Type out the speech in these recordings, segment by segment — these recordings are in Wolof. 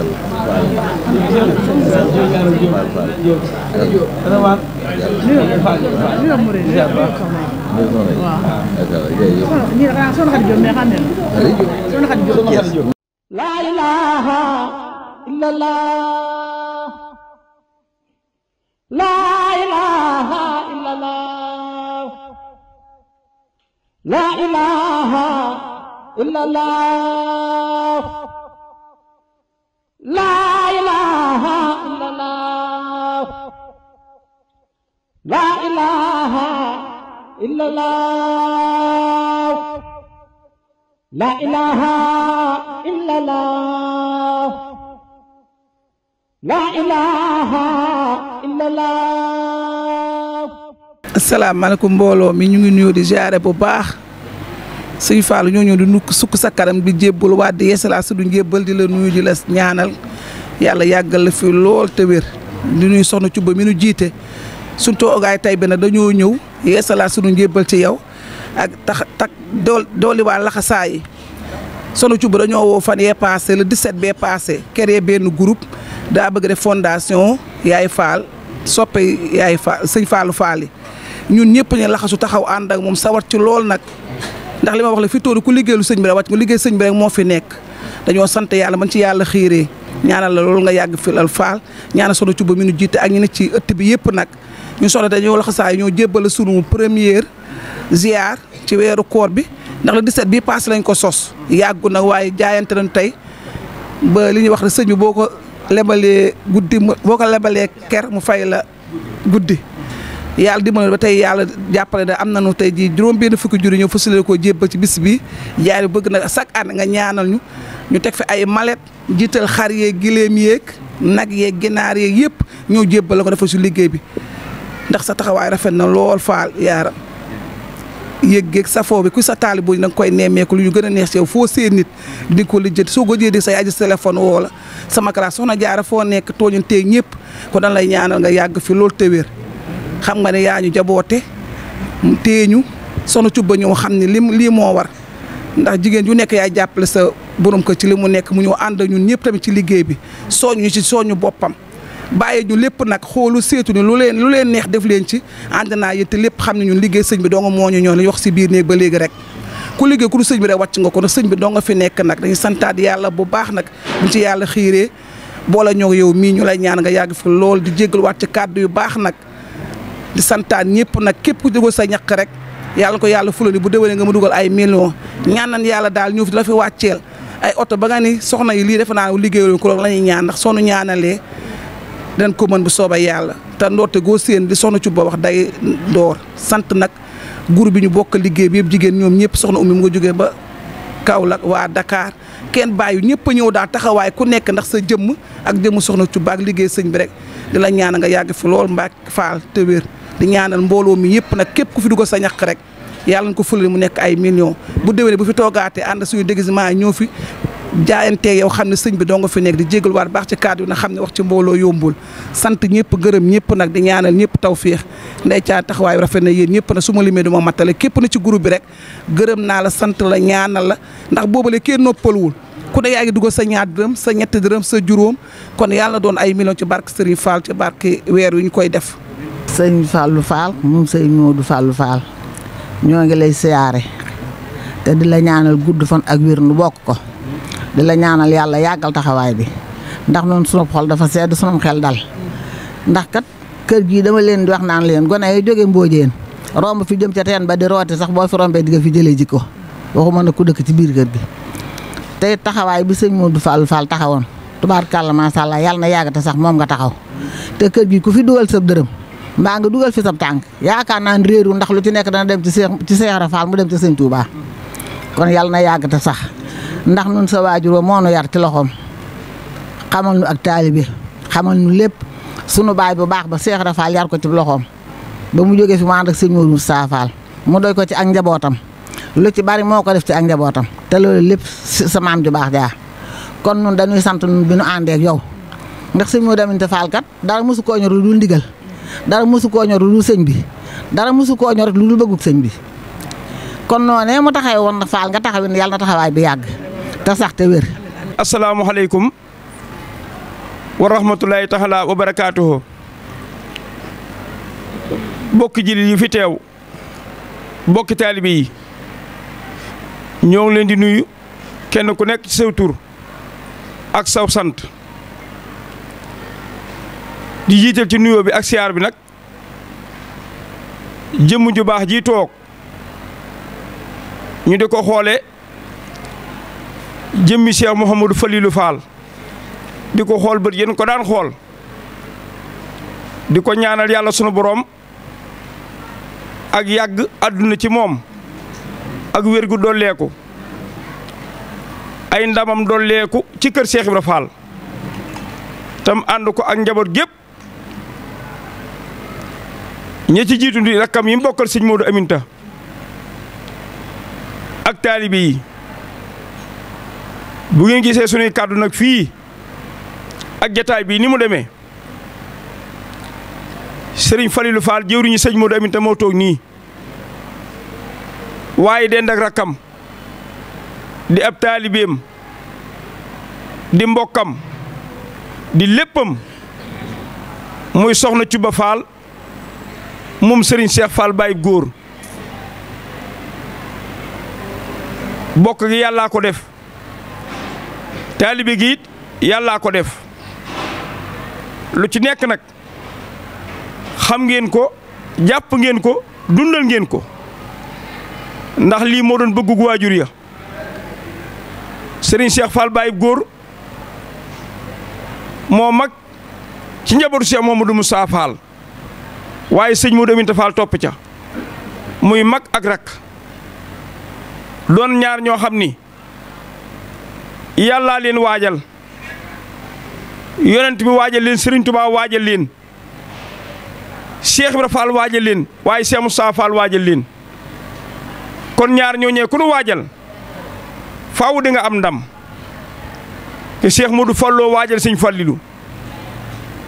màggal la waaw waaw la ilaha illa laa ilaaha illallah laa ilaaha illallah laa ilaaha illallah laa ilaaha illallah asalaamaaleykum mbooloo mi ñu ngi nuyu bu baax sëñ Fallou ñoo ñëw di nukk sukk sa kanam di jébbal waat di yeesalaa su njébbal di la nuyu di la ñaanal yàlla yàggal la fi lool te wér di nuyu soxna Cuba mi nu jiite suñ toogaay tey bi dañoo ñëw yeesalaa su du njébbal ci yow ak tax tak dool dooli waa laxasaa soxna Cuba dañoo woo fan yee passé le 17 bee passé créé benn groupe daa bëgg def fondation Yaay Fall soppe Yaay Fall sëñ Fallou Fall yi ñun ñëpp ñu laxasu taxaw ànd ak moom sawar ci lool nag ndax li ma wax la fi tóolu ku liggéeylu sëñ bi rek wàcc nga liggéey sëñ bi rek moo fi nekk dañoo sant yàlla man ci yàlla xiiree ñaanal la lool nga yàgg filal faal ñaanal soxna Cuba mu nu jiite ak ñu ne ci ëtt bi yëpp nag ñu soxla dañoo laxasaay ñoo jébbal sunu première ziar ci weeru koor bi ndax le 17 bii passé lañ ko sos yàggu nag waaye jaayante nañ tey ba li ñuy wax rek sëñ bi boo ko lebalee guddi boo ko lebalee ker mu fay la guddi yàlla dimbali ba tey yàlla jàppale da am nañu tey jii juróom benn fukki jur ñëw fësale ko jébbal ci bis bi yaay bëgg nag chaque année nga ñaanal ñu ñu teg fi ay mallette jiital xar yeeg gileem yeeg nag yeeg ginaar yeeg yëpp ñoo jébbal la ko defal si liggéey bi ndax sa taxawaay rafet na lool faal yaara yëggeeg safoo bi ku sa taali bu da koy nemmeeku lu ñu gën a neex si yow foo seen nit di ko lijjanti soo ko jëlee sa yaay ji téléphone woo la sama classe soxna jaara foo nekk tooñanteeg ñëpp ko dañ lay ñaanal nga yàgg fi loolu te xam nga ne yaa ñu jaboote téye ñu sonu cubba ñoo xam ne li lii moo war ndax jigéen ju nekk yaay jàppale sa borom ko ci li mu nekk mu ñëw ànd ñun ñëpp tamit ci liggéey bi sooñu ci sooñu boppam bàyyi ñu lépp nag xoolu seetu ni lu leen lu leen neex def leen ci ànd naa yéen te lépp xam ne ñun liggéey sëñ bi doo nga moo ñu ñoo la wax si biir néeg ba léegi rek ku liggéey ku du sëñ bi rek wàcc nga ko nag sëñ bi doo nga fi nekk nag dañuy santaat yàlla bu baax nag buñ ci yàlla xiiree boole ñoo yow mii ñu lay nga yàgg fi lool di jéggal wàcc kàddu yu baax nag di santaan ñëpp nag képp ku dugal sa ñaq rek yàlla ko yàlla fulani bu déwénee nga ma dugal ay millions ñaan nañ yàlla daal ñu fi la fi wàcceel ay oto ba nga ni soxna yi lii defe naa liggéeyaloo ko la ñuy ñaan ndax sonu ñaanalee ko mën bu sooba yàlla te ndoorte goo séen di soxna ci ba day door sant nag groupe bi ñu bokk liggéey bi yëpp jigéen ñoom ñëpp soxna ummi mu nga jógee ba Kaolack waa Dakar kenn bàyyi ñëpp ñëw daal taxawaay ku nekk ndax sa jëmm ak jëmm soxna Cuba ak liggéey sëñ bi rek la ñaan nga yàgg fi lool mbaa faal te wér di ñaanal mbooloo mi yëpp nag képp ku fi dugal sa ñaq rek yàlla na ko fële mu nekk ay millions bu déwénee bu fi toogaatee ànd suñu déguisement yi ñoo fi jaayantee yow xam ne sëñ bi doo fi nekk di jégalu waat baax ci kàddu na xam ne wax ci mbooloo yombul sant ñëpp gërëm ñëpp nag di ñaanal ñëpp tawféex ndey caa taxawaay rafet na yéen ñëpp na suma ma limee du ma képp na ci groupe bi rek gërëm naa la sant la ñaanal la ndax boobale kenn noppaluwul ku ne yaa ngi dugal sa ñaar dërëm sa ñetti dërëm sa juróom kon yàlla doon ay millions ci barke Serigne Fall ci barke weer wi ñu koy def sëñ Fallou Fall moom sëñ Modou Fallou Fall ñoo ngi lay siyaare te di la ñaanal gudd fan ak wér nu bokk ko di la ñaanal yàlla yàggal taxawaay bi ndax noonu sunu xol dafa sedd sunu xel dal ndax kat kër gii dama leen di wax naan leen gone yi jóge mboojeen romb fi jëm ca teen ba di rooti sax boo fi rombee di nga fi jëlee jikko waxuma na ku dëkk ci biir kër gi tey taxawaay bi sëñ Modou Fall Fall taxawoon tubaarkàlla macha allah yàlla na yàgg te sax moom nga taxaw mbaa nga dugal fi sab tànk yaakaar naan réeru ndax lu ci nekk dana dem ci Seex ci Seex Rafaal mu dem ci Sëñ Tuubaa kon yàlla na yàgg te sax ndax nun sa waajur moo nu yar ci loxoom xamal nu ak taalibe xamal nu lépp sunu baay bu baax ba Seex Rafaal yar ko ci loxoom ba mu jóge fi mu ànd ak Sëñ Moodu Saafaal mu doy ko ci ak njabootam lu ci bari moo ko def ci ak njabootam te loolu lépp sa maam ju baax jaa kon nun dañuy sant nun bi nu àndee ak yow ndax Sëñ Moodu Aminta Faal kat dara mosu koo ñor lu dul dara mosu koo ñor lu sëñ bi dara mosu koo ñor lu bëggug sëñ bi kon noonee mu taxawee woon na faal nga taxaw ne yàlla na taxawaay bi yàgg te sax te wér. asalaamaaleykum wa rahmatulahi taala wa barakaatuhu bokki jullit yi fi teew bokki taalibe yi ñoo ngi leen di nuyu kenn ku nekk ci tur ak saw sant. di jital ci nuyo bi ak siar bi nak jëm ju bax ji tok ñu diko xolé jëm jëmmi Cheikh mohammed Falilou Fall di xol xool yeen ko daan xol diko ñaanal yalla suñu borom ak yag aduna ci mom ak wér gu ay ndamam ci kër Cheikh ibrahim Fall tam ànd ko ak njabot gep ña ci jiitu di rakkam yi mbokkal bokkal sëñ Modou Aminta ak taalibe yi bu ngeen gisee sunuy kàddu nag fii ak jataay bii ni mu deme sëriñ Falilou Fall jëwriñu sëñ Modou Aminta moo toog nii waaye dend ak rakkam di ab taalibeem di mbokkam di léppam muy soxna Cuba Fall Mum Serigne Cheikh Fall bay gor bokk gi yalla ko def talibi giit yalla ko def lu ci nek nak xam ngeen ko japp ngeen ko dundal ngeen ko ndax li mo doon gu waajur ya Serigne Cheikh Fall bay gor mo mag ci njabotu Cheikh Mamadou Moussa Fall waaye sëñ Modou Aminta Fall topp muy mag ak rak doon ñaar ñoo xam ni yàllaa leen waajal yonent bi waajal leen Serigne Touba waajal leen Cheikh Ibra Fall waajal leen waaye Cheikh Moussa Fall waajal leen kon ñaar ñoo ku nu waajal faaw di nga am ndam te Cheikh du Falloo waajal sëñ Fallilu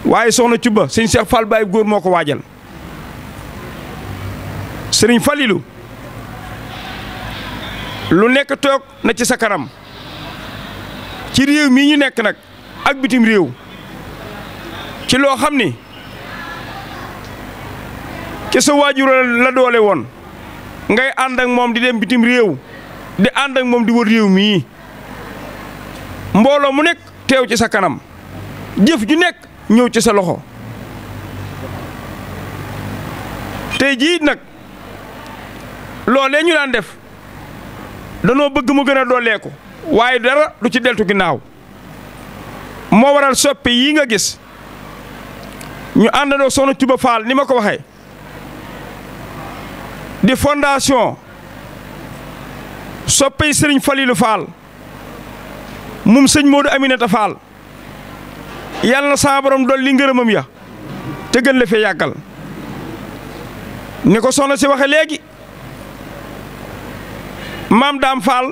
waaye soxna Cuba sëñ Cheikh Fall baay góor moo ko waajal. sëriñ Falilu lu nekk toog na ci sa kanam ci réew mii ñu nekk nag ak bitim réew ci loo xam ni ci sa waajur la doole woon ngay ànd moom di dem bitim réew di ànd ak moom di wër réew mii mbooloo mu nekk teew ci sa kanam jëf ju nekk ñëw ci sa loxo tey jii nag. loolee ñu daan def danoo bëgg mu gën a dooleeku waaye dara du ci deltu ginnaaw moo waral soppe yi nga gis ñu àndandoo soxna Cuba Faal ni ma ko waxe di fondation soppi sëriñ Falilu Faal mum sëñ Moodu Aminata Faal yàlla na saa borom li ngërëmam ya te gën la fee yàggal ni ko soxna si waxe léegi maam daam faal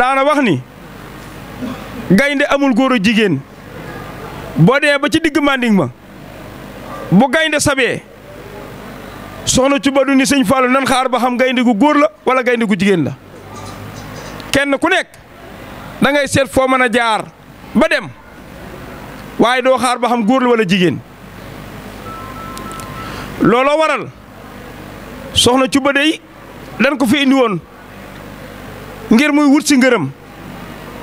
daana wax ni gaynde amul góor a jigéen boo dee ba ci digg manding ma bu gaynde sabee soxna cu badu ni sëñ Fallou nan xaar ba xam gaynde gu góor la wala gaynde gu jigéen la kenn ku nekk dangay seet foo mën a jaar ba dem waaye doo xaar ba xam góor la wala jigéen looloo waral soxna cu bade yi ko fi indi woon ngir muy wut si ngërëm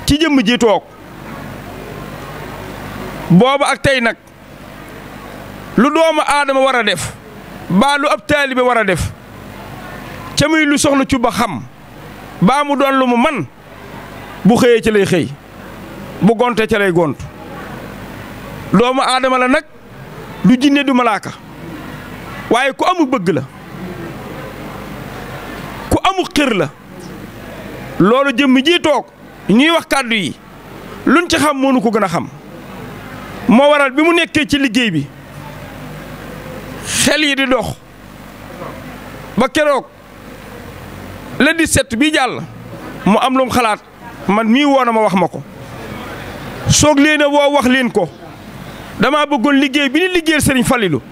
ci jëmm ji toog booba ak tey nag lu doomu aadama war a def baa lu ab taalibe war a def ca muy lu soxna cu xam baa mu doon lu mu man bu xëyee ci lay xëy bu gonte ca lay gont doomu aadama la nag lu jinne du malaaka waaye ku amu bëgg la ku amu xër la loolu jëmm ji ñuy wax kàddu yi luñ ci xam mënu ko gën a xam moo waral bi mu nekkee ci liggéey bi xel yi di dox ba keroog le 17 bii jàll mu am lu xalaat man mii woon na ma wax ma ko soog leen a woo wax leen ko dama bëggoon liggéey bi ni liggéeyal Serigne Fallilou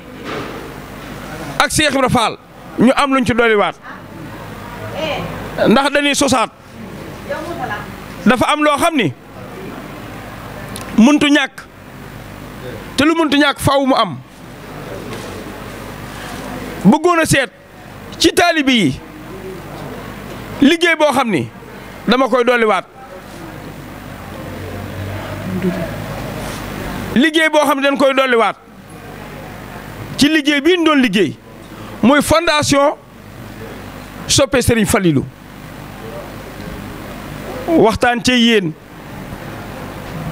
ak Cheikh Ibra Fall ñu am luñ ci dolliwaat ndax dañuy sosaat. dafa am loo xam ni muntu ñàkk te lu muntu ñàkk faaw mu am bëggoon a seet ci taalibe yi liggéey boo xam ni dama koy dolliwaat liggéey boo xam ne dañ koy dolliwaat ci liggéey bii ñu doon liggéey mooy fondation soppe Serigne Falilou waxtaan ci yéen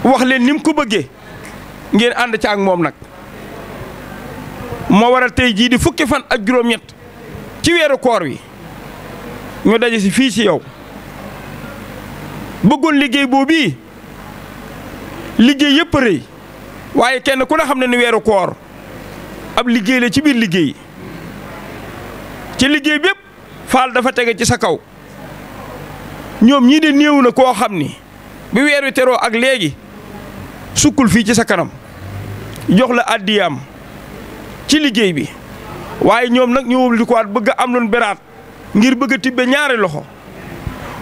wax nim ni mu ko bëggee ngeen ànd ca ak moom nag moo waral tey jii di fukki fan ak juróom-ñett ci weeru koor wi ñu daje si fii si yow bëggoon liggéey boobu liggéey yëpp rëy waaye kenn ku ne xam ne ni weeru koor ab liggéey la ci biir liggéey ci liggéey bépp faal dafa tege ci sa kaw. ñoom ñii de néewu na koo xam ni bi weer wi teroo ak léegi sukkul fii ci sa kanam jox la addiyaam ci liggéey bi waaye ñoom nag ñoo wëbli ko waat bëgg am loon beraat ngir bëgg a tibbe ñaari loxo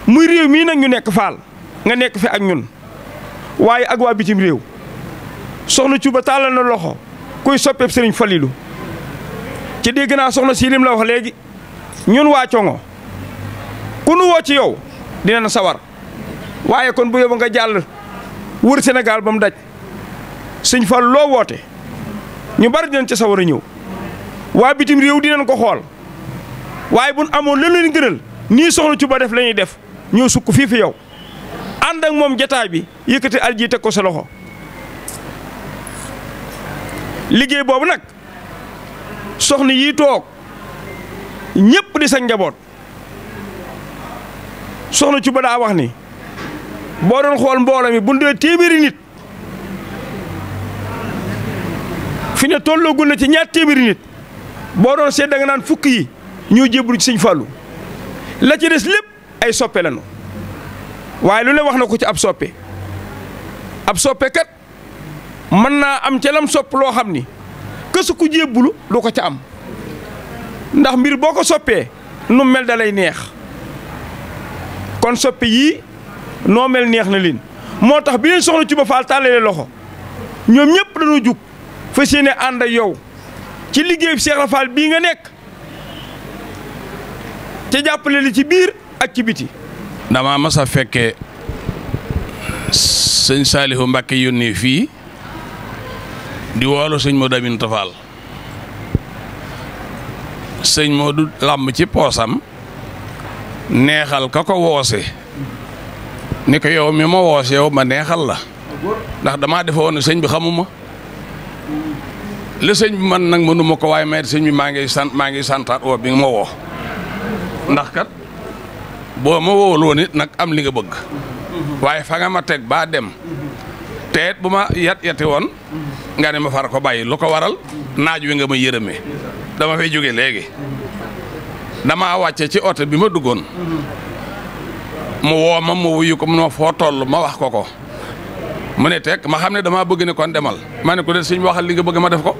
muy réew mii nag ñu nekk faal nga nekk fi ak ñun waaye ak waa bitim réew soxna Cuba tàllal na loxo kuy soppeeb sëriñ Falilu ci dégg naa soxna si la wax léegi ñun waa Congo ku woo ci yow. na sawar waye kon bu yob nga jall wour senegal bam daj seigne Fall lo wote ñu bari dina ci sawara ñew wa bitim rew dina ko xol waye bu nu leen leen gënal ni soxlu ci ba def lañuy def ñëw sukk fii fi yow and ak mom jotaay bi yëkëti al te ko sa loxo liggey bobu nak soxna yi tok ñepp di sa njabot soxna ci ba daa wax ni boo doon xool mbooloo mi bu téeméeri nit fi ne tolloogun na ci ñaar téeméeri nit boo doon seet da naan fukk yi ñoo jébbalu ci sëñ Fallou la ci des lépp ay soppe lañu waaye lu ne wax na ko ci ab soppe ab soppe kat mën naa am ca lam sopp loo xam ni kësu ku jébbulu du ko ca am ndax mbir boo ko soppee nu mel da lay neex kon soppi yii noo mel neex na liin moo tax bi leen soxna Cuba Fall tàllalee loxo ñoom ñépp dañoo jug fa yéene ànd ak yow ci liggéey Cheikh Ibra Fall bii nga nekk te jàppale li ci biir ak ci biti. dama mas a fekkee sëñ Saalihu Mbàkke yónnee fii di woolu sëñ Modou Aminta Fall sëñ Modou làmb ci poosam. neexal ka ko woose ni ko yow mi ma woose yow ma neexal la ndax damaa defoon ne sëñ bi xamuma li sëñ bi man nag mënuma ko waaye may sëñ bi maa ngi sant maa ngi santaat woo bi nga ma woo ndax kat boo ma woowul woon it nag am li nga bëgg waaye fa nga ma teg baa dem teet bu ma yat yati woon nga ne ma far ko bàyyi lu ko waral naaj wi nga ma yërëme dama fay jóge léegi damaa wàcce ci ote bi ma duggoon mu woo ma mu wuyu ko mu ne foo toll ma wax ko ko mu ne tek ma xam ne damaa bëgg ne kon demal ma ne ko de suñ waxal li nga bëgg ma def ko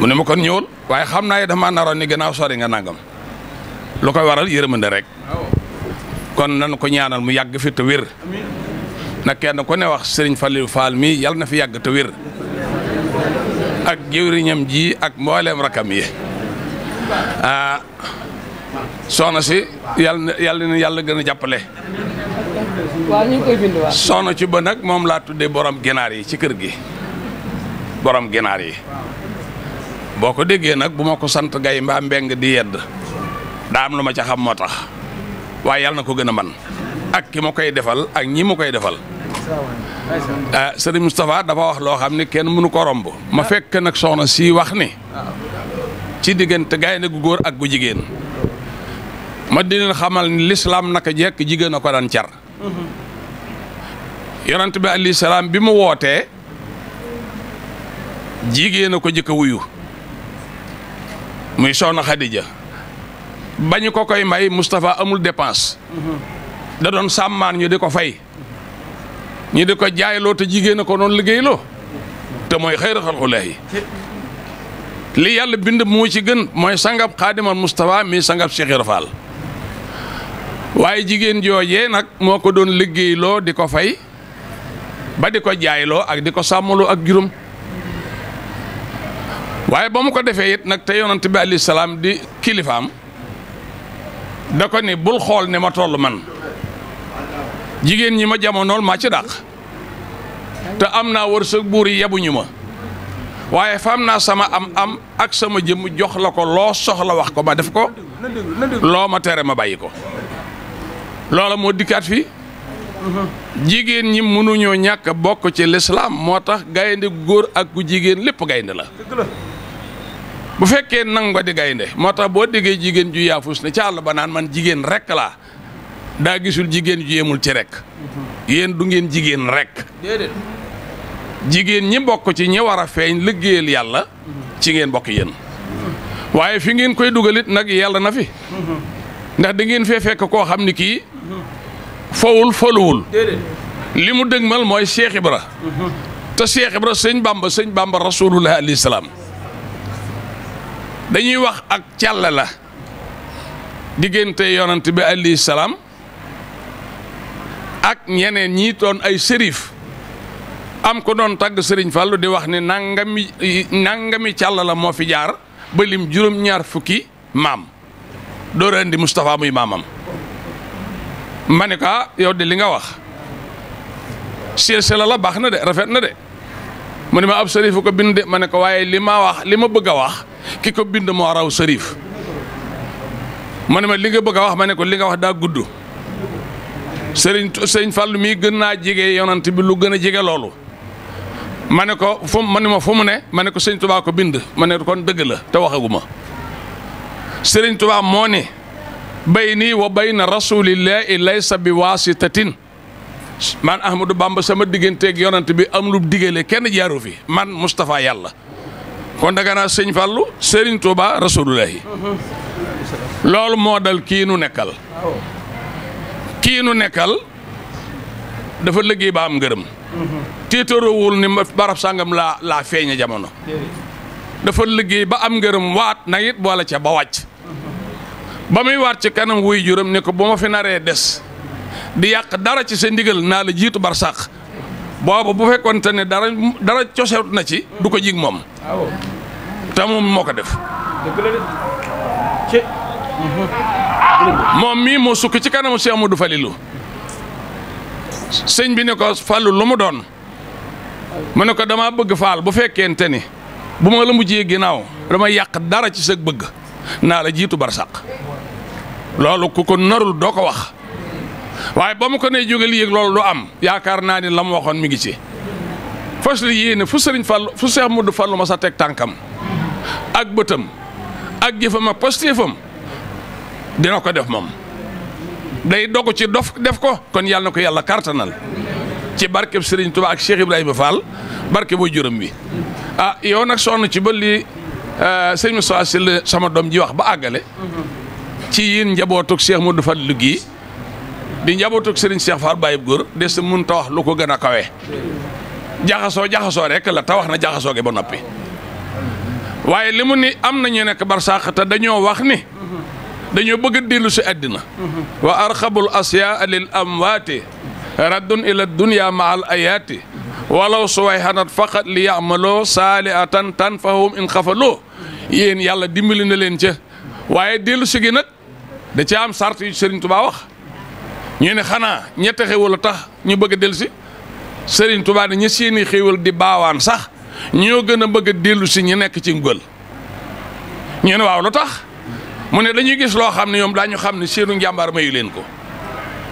mu ne ma kon ñëwul waaye xam naa ne damaa naroon ni gannaaw sori nga nangam lu koy waral yërmande rek kon nan ko ñaanal mu yàgg fi te wér na kenn ku ne wax sëriñ Fallou Fall mii yàlla na fi yàgg te wér ak jëwriñam jii ak mbooleem rakkam yi ah soxna si yalla ni yàlla na yàlla gën a ñu koy bind wa soxna ci ba nak mom la tuddé borom ginaar yi ci kër gi borom ginaar yi boko déggé nak buma ko sant gay mba mbeng di yedd da am luma ci xam moo tax waaye yàlla na man ak ki mo koy defal ak ñi mo koy defal. ah Serigne Moustapha dafa wax lo xamni kenn mënu ko rombu ma fekk nak soxna si wax ni. ci diggante gaynde gu góor ak gu jigéen ma di xamal lislaam naka jekk jigéen a ko daan car yonent bi alayhi bi mu wootee jigéen ko jëkk a wuyu muy soxna Xadija bañu ko koy may mustafa amul dépense da doon sàmmaan ñu di ko fay ñu di ko jaayloo te jigéen ko noonu liggéeyloo te mooy xayra xalqulaahi li yàlla bind moo ci gën mooy sangab xaadimal Moustapha mi sangab Cheikh Ibra waaye jigéen joojee nag moo ko doon liggéeyloo di ko fay ba di ko jaayloo ak di ko sàmmaloo ak juróom waaye ba mu ko defee it nag te yonent bi alayhi salaam di kilifaam da ko ni bul xool ne ma toll man jigéen ñi ma jamonool maa ci daq te am naa wërsëg buur yi yabuñu ma waaye fam naa sama am-am ak sama jëmm jox la ko loo soxla wax ko ma def ko loo ma tere ma bàyyi ko loola moo dikkaat fii jigéen ñi mënuñoo ñàkk bokk ci lislaam moo gaynde góor ak ku jigéen lépp gaynde la bu fekkee nangu di gaynde moo tax boo déggee ju yaafus ne ca àll ba naan man jigéen rek laa daa gisul jigéen ju yemul ci rek mhm. yéen du ngeen jigéen rek Jigen ñi bok ci ñi wara feñ liggeel yalla ci ngeen bok yeen waye fi ngeen koy dugalit nak yalla na fi ndax da ngeen fee fek ko xamni ki fawul fawul limu li moy Cheikh Ibra ta Cheikh Ibra sëñ Bamba Bamba rasulullah alayhi dañuy wax ak càll la diggante yonent bi alayhi ak ñeneen ñi ton ay serif am ko tak tag serigne fallu di wax ni nangami nangami càll la fi jaar ba lim jurum ñaar fukki mam do rendi mustafa muy mamam maneka ah, yow de li nga wax silsila la de rafet na de mu ma ab sërif ko bind de ma ne ko wax lima bëgg wax kiko ko bind moo raw sërif mu ma li nga bëgg wax ma li nga wax da guddou serigne serigne fallu mi gëna bi lu gëna lolou ma ne ko fu ma ne ma fu mu ne ma ne ko sëñ Tuubaa ko bind ma ne kon dëgg la te waxaguma sëriñ Tuubaa moo ne bayni wa bayna rasulillahi laysa bi waasitatin man Ahmadou Bamba sama digganteeg yonant bi am lu digale kenn jaaru fi man Moustapha yàlla kon da nga naa sëñ Fallou sëriñ Tuubaa rasulullahi loolu moo dal kii nekkal kii nekkal dafa liggéey ba am ngërëm. tiitaroowul ni barab sàngam laa laa feeña jamono. dafa liggéey ba am ngërëm waat na it boole ca ba wàcc. ba muy waat ci kanam wuy juróom ne ko bu ma fi naree des di yàq dara ci sa ndigal naa la jiitu barsàq boobu bu fekkonte ne dara dara na ci du ko jig moom te moom moo ko def moom mii moo sukk ci kanamu Cheikh Amadou Falilou sëñ bi ne ko fàllu lu mu doon mu ne ko damaa bëgg faal bu fekkente ni bu ma la mujjee ginnaaw dama yàq dara ci sa bëgg naa la jiitu barsàq loolu ku ko narul doo ko wax waaye ba mu ko nee jóge lii loolu du am yaakaar naa ni la mu waxoon mi ngi ci fas li yéene fu sëriñ fàllu fu seex mudd fàllu ma sa teg tànkam ak bëtam ak jëfam ak pastéefam dina ko def moom day dogu ci dof def ko kon yàlla ko yàlla kartanal ci barkeb sëriñ tubaa ak Cheikh Ibrahima Fall barke booy juróom bi ah yow nag sonn ci ba lii euh, sëñ Moussa Sylla sama doom ji wax ba àggale ci yéen njabootug Cheikh Modou Fadilou gii di njabootug Serigne Cheikh Fall Baye góor des mun ta wax lu ko gën a kawe jaxasoo jaxasoo rek la te wax na jaxasoo gi ba noppi waaye li mu ni am nañu nekk barsàq te dañoo wax ni dañoo bëgg a dellu si àddina wa arxabul asyaa lil amwaati raddun ila dunya ma al ayaati walaw suwayhanat faqat li yamaloo saaliatan tan fahum in xafaloo yéen yàlla dimbali na leen ca waaye dellu si gi da ca am sart yu Sëriñ Tubaa wax ñu ne xanaa ñette xéwal a tax ñu bëgg a dellu si Sëriñ Tubaa ne ña seeni di baawaan sax ñoo gën a bëgg a dellu si ñu nekk ci ngël ñu ne waaw lu tax mu ne dañuy gis loo xam ne ñoom daañu xam ne seenu njàmbaar mayu leen ko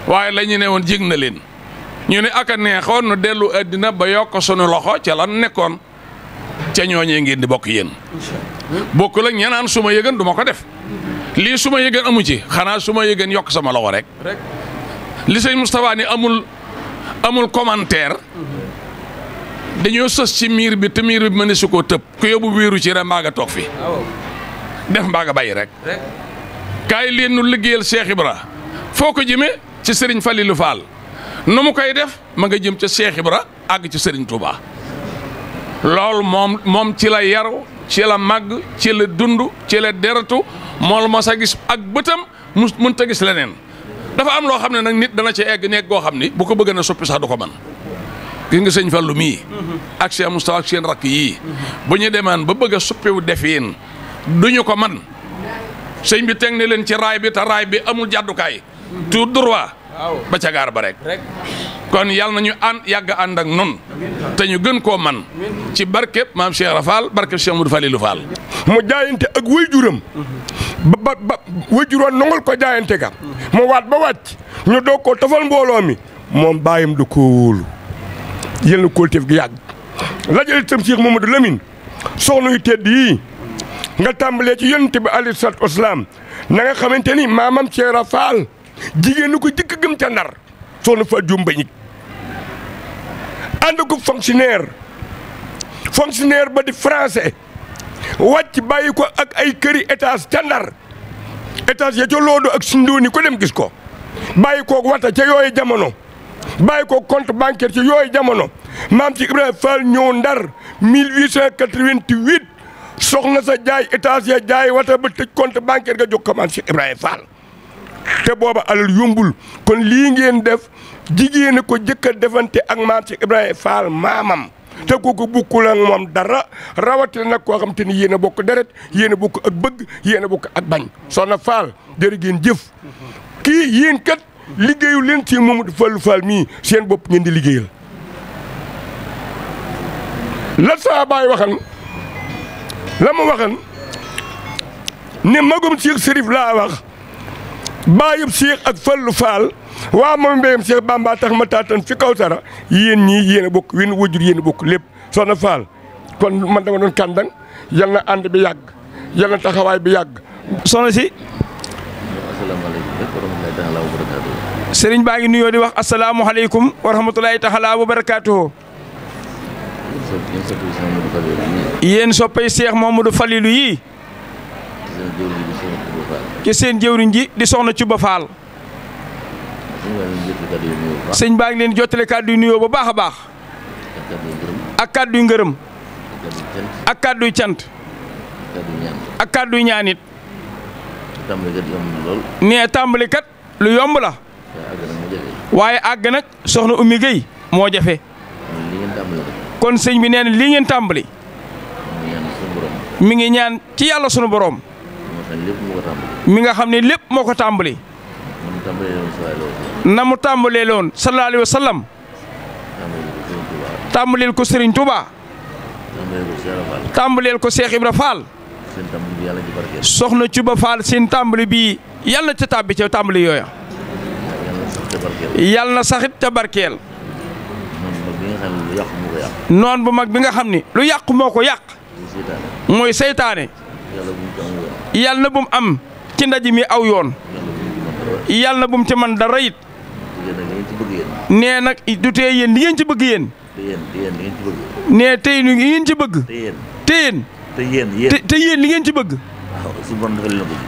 waaye la ñu ne woon jig na leen ñu ne aka neexoon nu dellu àddina ba yokk sunu loxo ca lan nekkoon ca ñooñee ngeen di bokk yéen bokku la ñenaan suma ma du ma ko def lii suma ma amu ci xanaa suma sama loxo rek li sëñ mustafa ni amul amul commentaire dañoo sos ci miir bi te miir bi mëne su koo tëb ku yóbbu ci rek nga fi def mbaa nga bàyyi rek. kaay leen nu liggéeyal Cheikh Ibra foo ko jëmee ci Serigne Falilou Fall nu mu koy def ma nga jëm ca seexi Cheikh ra àgg ci Serigne Touba loolu moom moom ci la yaru ci la màgg ci la dund ci la deratu mool ma sa gis ak bëtam mu mënta gis leneen dafa am loo xam ne nag nit dana ci egg nekk goo xam ni bu ko bëgg na soppi sax du ko man gis nga sëñ Fallou mii. Mhm. ak seen Moustapha ak seen rakk yii. Mhm. bu ñu demaan ba bëgg a soppiwu def yéen duñu ko man señ bi tek ne len ci ray bi ta ray bi amul kay tu droit ba ca gar ba rek kon yàlla nañu an yag and ak nun te ñu gën ko man ci barke maam Cheikh Rafal barke Cheikh mudou Falilou Fall mu jaayante ak wayjuram ba ba waajuroon nangul ko jaayante ga mu wat ba wat ñu do ko tofal mbolo mi moom bàyyam da koo wóolu yël na kóolteef gi la jël tam Cheikh Mamadou Lamine soxna yu tedd nga tàmbalee ci yonent bi alayhi salaatu wasalaam na nga xamante ni maamam Ceera Faal jigéen ñi ko jëkk gëm ca ndar soxna Faat Jóob Mbañik ànd ko fonctionnaire fonctionnaire ba di français wàcc bàyyi ko ak ay këri étage ca ndar étage ya ca loodo ak sundooni ko dem gis ko bàyyi koog wata ca yooyu jamono bàyyi koog compte bancaire ca yooyu jamono maam ci Ibrahima Fall ñëw ndar soxna sa jaay étage ya jaay wata ba tëj compte bancaire ga jóg commande Cheikh Ibrahima Fall te booba alal yombul kon lii ngeen def jigéen a ko jëkk a defante ak maam Cheikh Ibrahima Fall maamam te kooku bukkul ak moom dara rawatina nag koo xam te ni yéen a bokk deret yéen a bokk ak bëgg yéen a bokk ak bañ soxna Fall jërë ngeen jëf kii yéen kat liggéeyu leen ci Mamadou Fallou Fall mii seen bopp ngeen di liggéeyal la saa baay waxan la mu waxan ne magum Cheikh Serif laa wax baayub Cheikh ak Fallu Faal waa moom mbéyam Cheikh Bamba tax ma taatan fi Kawsara yéen ñii yéen a bokk yéen wajur yéen a lépp soxna Faal kon man dama doon kàndang yal na ànd bi yàgg yal na taxawaay bi yàgg soxna si sëriñ baa ngi nuyoo di wax asalaamualeykum wa rahmatulahi taala wa barakaatuhu yéen soppay Cheikh Mamadou Falilou yii ki seen jëwriñ ji di soxna Cuba Faal sëñ baa ngi leen jottale kàddu yu nuyoo bu baax a baax ak kàddu yu ngërëm ak kàddu yu cant ak kàddu yu ñaanit a tàmbali kat lu yomb la waaye àgg nag soxna Oumy Gueye moo jafe kon minyan bi tambli minyan ngeen tambali mi ngi ñaan ci yalla suñu borom mi nga xamni lepp moko tambali namu tambale lon sallallahu alaihi wasallam sallam ko Serigne Touba tàmbaleel ko Cheikh ibrahim Fall soxna Cuba Fall seen tambali bi yalla ci tabbi ci tambali yoya yalla saxit barkel noon bu mag bi nga xam ni lu yàq moo ko yàq. mooy seytaane. yàlla na bum am ci ndaje mi aw yoon. yàlla na bum ci man dara it. nee nag du tee yéen li ngeen ci bëgg yéen. nee tey nu ngeen ci bëgg. te yéen. te yéen te yéen li ngeen ci bëgg.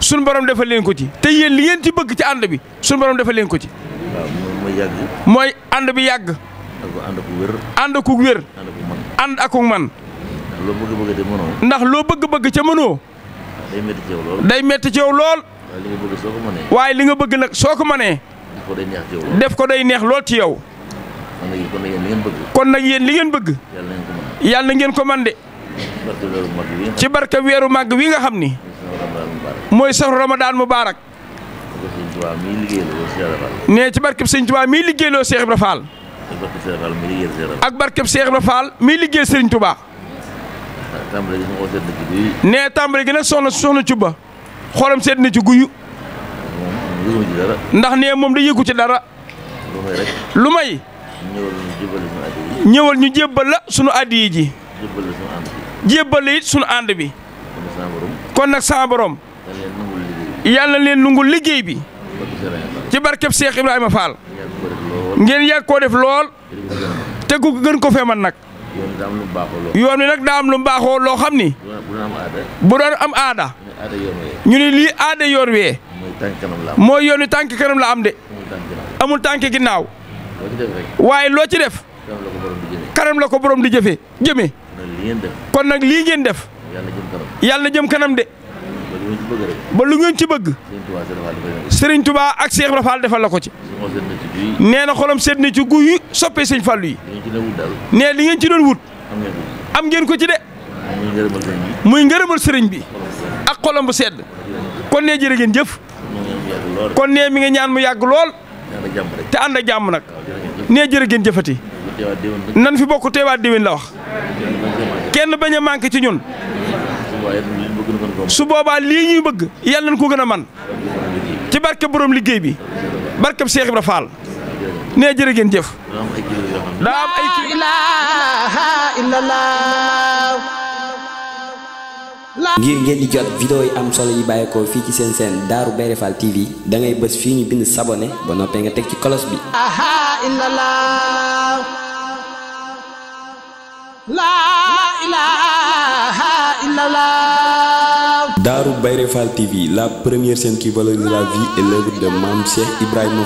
suñu borom defal leen ko ci. te yéen li ngeen ci bëgg ci ànd bi. suñu borom defal leen ko ci. mooy ànd bi yàgg. ànd ak wér. ànd ak wér. ànd ak ndax loo bëgg-bëgg te mënoo. ndax loo bëgg-bëgg ca mënoo. day ci yow lool. day metti ci yow lool. way li nga bëgg nak soko mané def ko day neex lool ci yow. kon nak yeen li ngeen bëgg. yalla ngeen ko mandé ci barka wëru mag wi nga xamni moy sax ramadaan mubaarak. ci barka seigne touba mi liggéelo Cheikh Ibra Fall. ak barkeb seex Ibra Fall mi liggéey Serigne Touba. nee tàmbali gi nag soxna soxna Cuba xoolam seet na ci guyu. ndax nee moom da yëgu ci dara. lu may. ñëwal ñu jébbal la sunu addiya ji. jébbal la it ànd bi. kon nag sa borom. na leen nungul liggéey bi. ci barkeb Cheikh Ibrahima Fall. ngeen yàgg koo def lool. te ku gën ko fee man nag. yoon wi nag daa am lu baaxoo loo xam ni. bu doon am aada. ñu ne lii aada yoon wee. mooy yoon wi tànk kanam la am de. amul tànk ginnaaw. waaye loo ci def. kanam la ko borom di jëfe jëme kon nag lii ngeen def. yàlla jëm kanam de. ba lu ngeen ci bëgg. Serigne Touba ak Cheikh Ibra Fall defal la ko ci. nee na xolam seet na ci guy soppee sëñ fal yi. nee li ngeen ci doon wut. am ngeen ko ci de. muy ngërëmal sëriñ bi. ak xolam bu sedd. kon ne jërë ngeen jëf. kon nee mi nga ñaan mu yàgg lool. te ànd ak jàmm nag. nee jërë ngeen jëfati. nan fi bokk teewaat déwén la wax. kenn bañ a manqué ci ñun. su boba li ñuy bëgg yalla nañ ko gëna man ci barke borom liggey bi barke Cheikh ibrahim Fall ne jere gene jëf la am ay la ngir ngeen di jot video yi am solo yi bàyyeekoo fi ci sen sen daru Bairé Fall TV da ngay bëss fi ñu bind sabonné ba noppé nga tek ci kolos bi la ilaha daaru Bayré Fall TV, la première scène qui valorise la vie et l'œuvre de mu Ibrahim